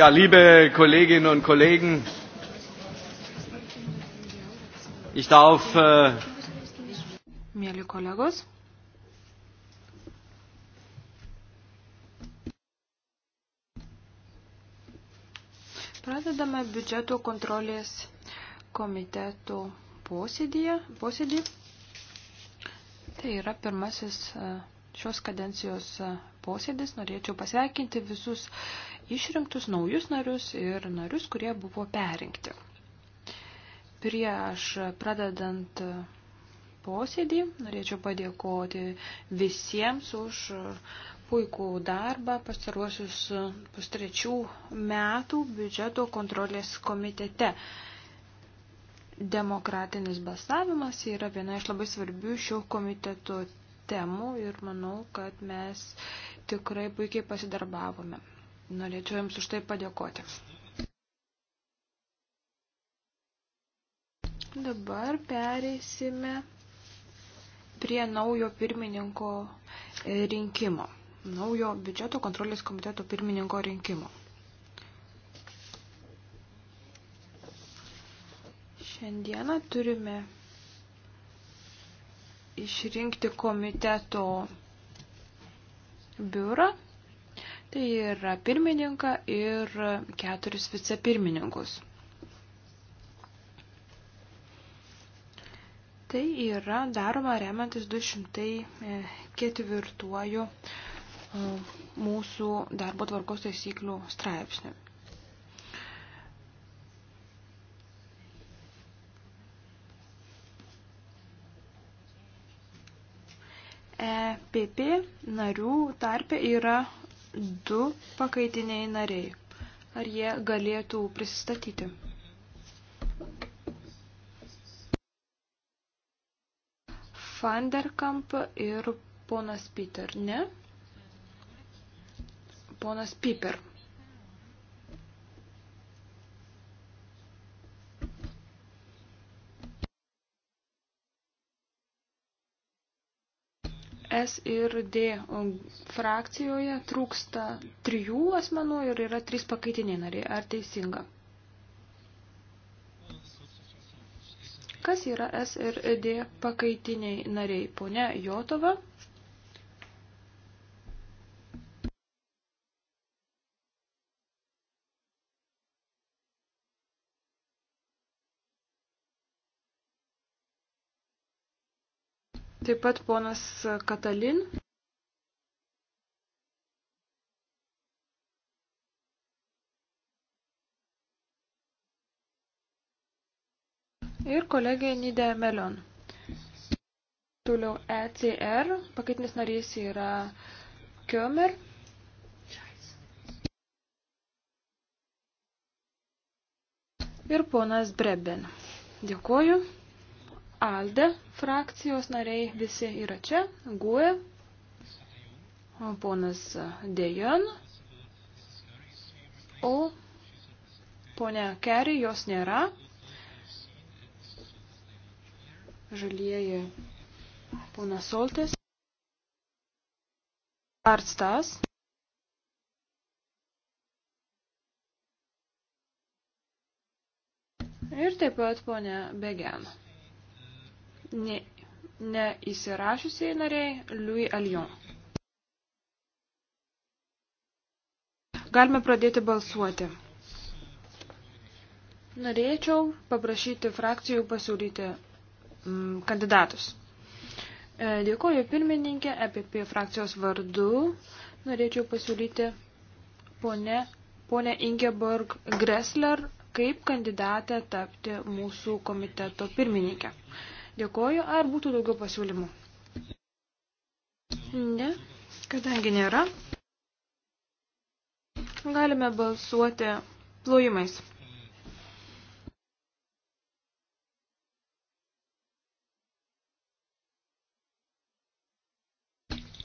Ja, liebe Kolleginnen und Kollegen, ich darf. Äh, Mėly kolegos. Pradedame biudžeto kontrolės komiteto posėdį. posėdį. Tai yra pirmasis e, šios kadencijos e, posėdis. Norėčiau pasveikinti visus išrinktus naujus narius ir narius, kurie buvo perinkti. Prieš pradedant posėdį norėčiau padėkoti visiems už puikų darbą pastaruosius pustrečių metų biudžeto kontrolės komitete. Demokratinis balsavimas yra viena iš labai svarbių šio komiteto temų ir manau, kad mes tikrai puikiai pasidarbavome. Norėčiau Jums už tai padėkoti. Dabar pereisime prie naujo pirmininko rinkimo, naujo biudžeto kontrolės komiteto pirmininko rinkimo. Šiandieną turime išrinkti komiteto biurą, tai yra pirmininką ir keturis vicepirmininkus. Tai yra daroma remiantis 204 e, mūsų darbo tvarkos taisyklių straipsnių. EPP narių tarpe yra du pakaitiniai nariai. Ar jie galėtų prisistatyti? Fanderkamp ir ponas Peter, ne? Ponas Piper. S ir D um, frakcijoje trūksta trijų asmenų ir yra trys pakaitiniai nariai. Ar teisinga? Kas yra S ir D pakaitiniai nariai? Pone Jotova. Taip pat ponas Katalin. Ir kolegė Nidė Melion. Toliau ECR, pakaitinis narys yra Kiomer. Ir ponas Breben. Dėkuoju. Alde frakcijos nariai visi yra čia. Gue, ponas Dejan, o ponia Kerry jos nėra. Žalieji ponas Soltis. Arstas. Ir taip pat ponia Begena ne, neįsirašusiai nariai Louis Alion. Galime pradėti balsuoti. Norėčiau paprašyti frakcijų pasiūlyti mm, kandidatus. E, dėkoju pirmininkė, EPP frakcijos vardu. Norėčiau pasiūlyti ponę, ponę Ingeborg Gressler kaip kandidatę tapti mūsų komiteto pirmininkę. Dėkoju, ar būtų daugiau pasiūlymų? Ne, kadangi nėra, galime balsuoti plojimais.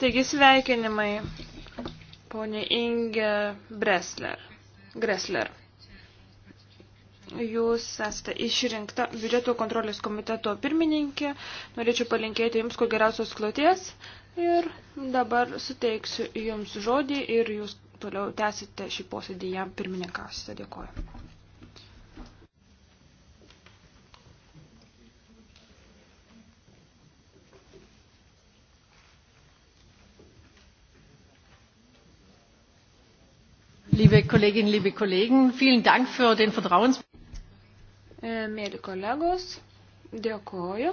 Taigi sveikinimai, ponė Inge Bresler. Gressler. Jūs esate išrinkta biudžeto kontrolės komiteto pirmininkė. Norėčiau palinkėti Jums kuo geriausios kloties. Ir dabar suteiksiu Jums žodį ir Jūs toliau tęsite šį posėdį jam pirmininkausite. Dėkuoju. Liebe Kolleginnen, liebe Kollegen, vielen Dank für den Vertrauens. E, mėly kolegos, dėkoju.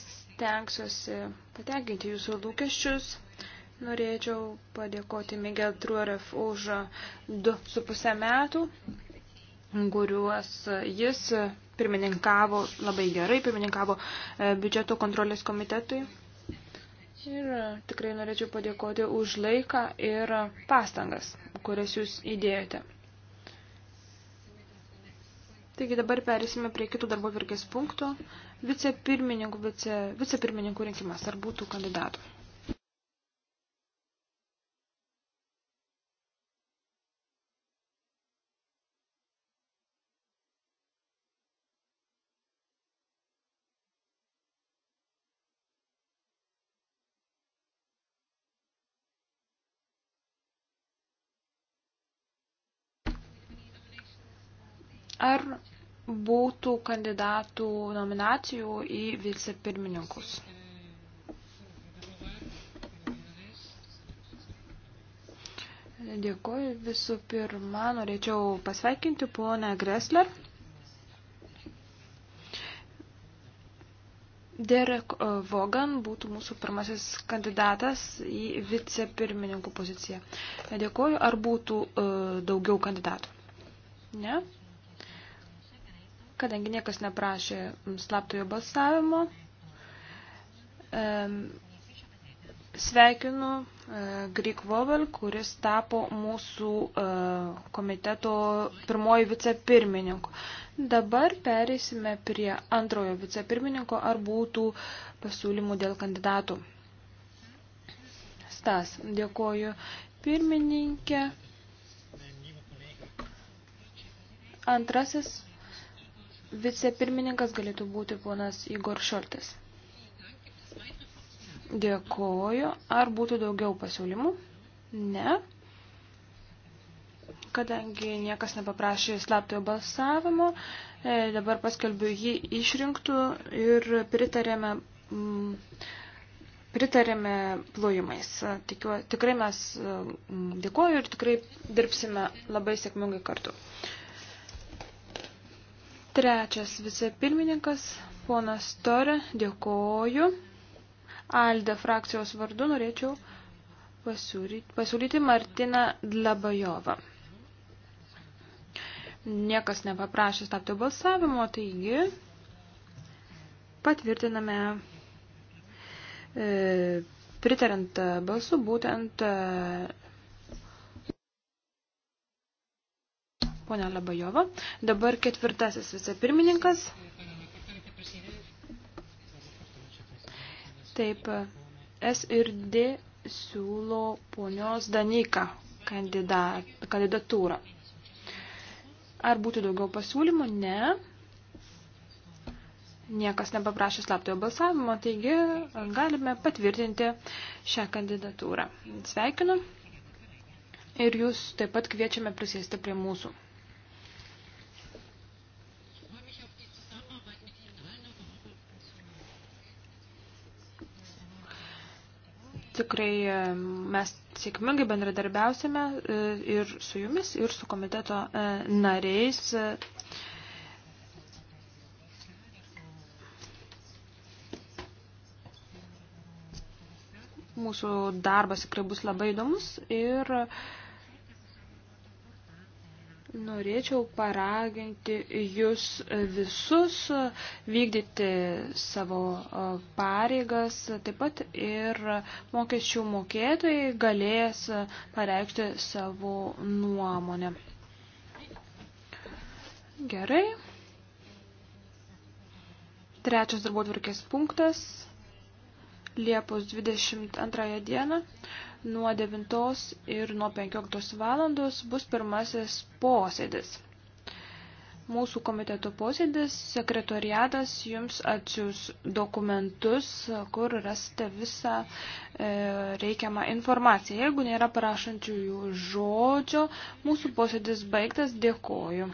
Stengsiuosi patenkinti jūsų lūkesčius. Norėčiau padėkoti Miguel Truorev už 2,5 metų, kuriuos jis pirmininkavo labai gerai, pirmininkavo e, biudžeto kontrolės komitetui. Ir e, tikrai norėčiau padėkoti už laiką ir pastangas, kurias jūs įdėjote. Taigi dabar perėsime prie kitų darbo virkės punktų. Vicepirmininkų, vice, vicepirmininkų rinkimas. Ar būtų kandidatų? Ar būtų kandidatų nominacijų į vicepirmininkus? Dėkuoju. Visų pirma, norėčiau pasveikinti ponę Gressler. Derek Vogan būtų mūsų pirmasis kandidatas į vicepirmininkų poziciją. Dėkuoju, ar būtų e, daugiau kandidatų? Ne? Kadangi niekas neprašė slaptojo balsavimo, sveikinu e, Greek Vovel, kuris tapo mūsų e, komiteto pirmoji vicepirmininku. Dabar pereisime prie antrojo vicepirmininko, ar būtų pasiūlymų dėl kandidatų. Stas, dėkoju pirmininkė. Antrasis vicepirmininkas galėtų būti ponas Igor Šoltis. Dėkoju. Ar būtų daugiau pasiūlymų? Ne. Kadangi niekas nepaprašė slaptojo balsavimo, e, dabar paskelbiu jį išrinktų ir pritarėme, m, mm, pritarėme plojimais. Tikiu, tikrai mes e, dėkoju ir tikrai dirbsime labai sėkmingai kartu. Trečias vicepirmininkas, ponas Tore, dėkoju. Alde frakcijos vardu norėčiau pasiūlyti, pasiūlyti Martiną Dlabajovą. Niekas nepaprašė stabdžio balsavimo, taigi patvirtiname e, pritarant balsų būtent e, ponia Labajova. Dabar ketvirtasis vicepirmininkas. Taip, S ir D siūlo ponios Danika kandidatūrą. Ar būtų daugiau pasiūlymų? Ne. Niekas nepaprašė slaptojo balsavimo, taigi galime patvirtinti šią kandidatūrą. Sveikinu ir jūs taip pat kviečiame prisėsti prie mūsų. tikrai e, mes sėkmingai bendradarbiausime e, ir su jumis, ir su komiteto e, nariais. Mūsų darbas tikrai bus labai įdomus ir uh, Norėčiau paraginti jūs visus vykdyti savo pareigas, taip pat ir mokesčių mokėtojai galės pareikšti savo nuomonę. Gerai. Trečias darbo tvarkės punktas. Liepos 22 dieną nuo 9 ir nuo 15 valandos bus pirmasis posėdis. Mūsų komiteto posėdis, sekretoriadas jums atsiūs dokumentus, kur rasite visą e, reikiamą informaciją. Jeigu nėra prašančiųjų žodžio, mūsų posėdis baigtas, dėkoju.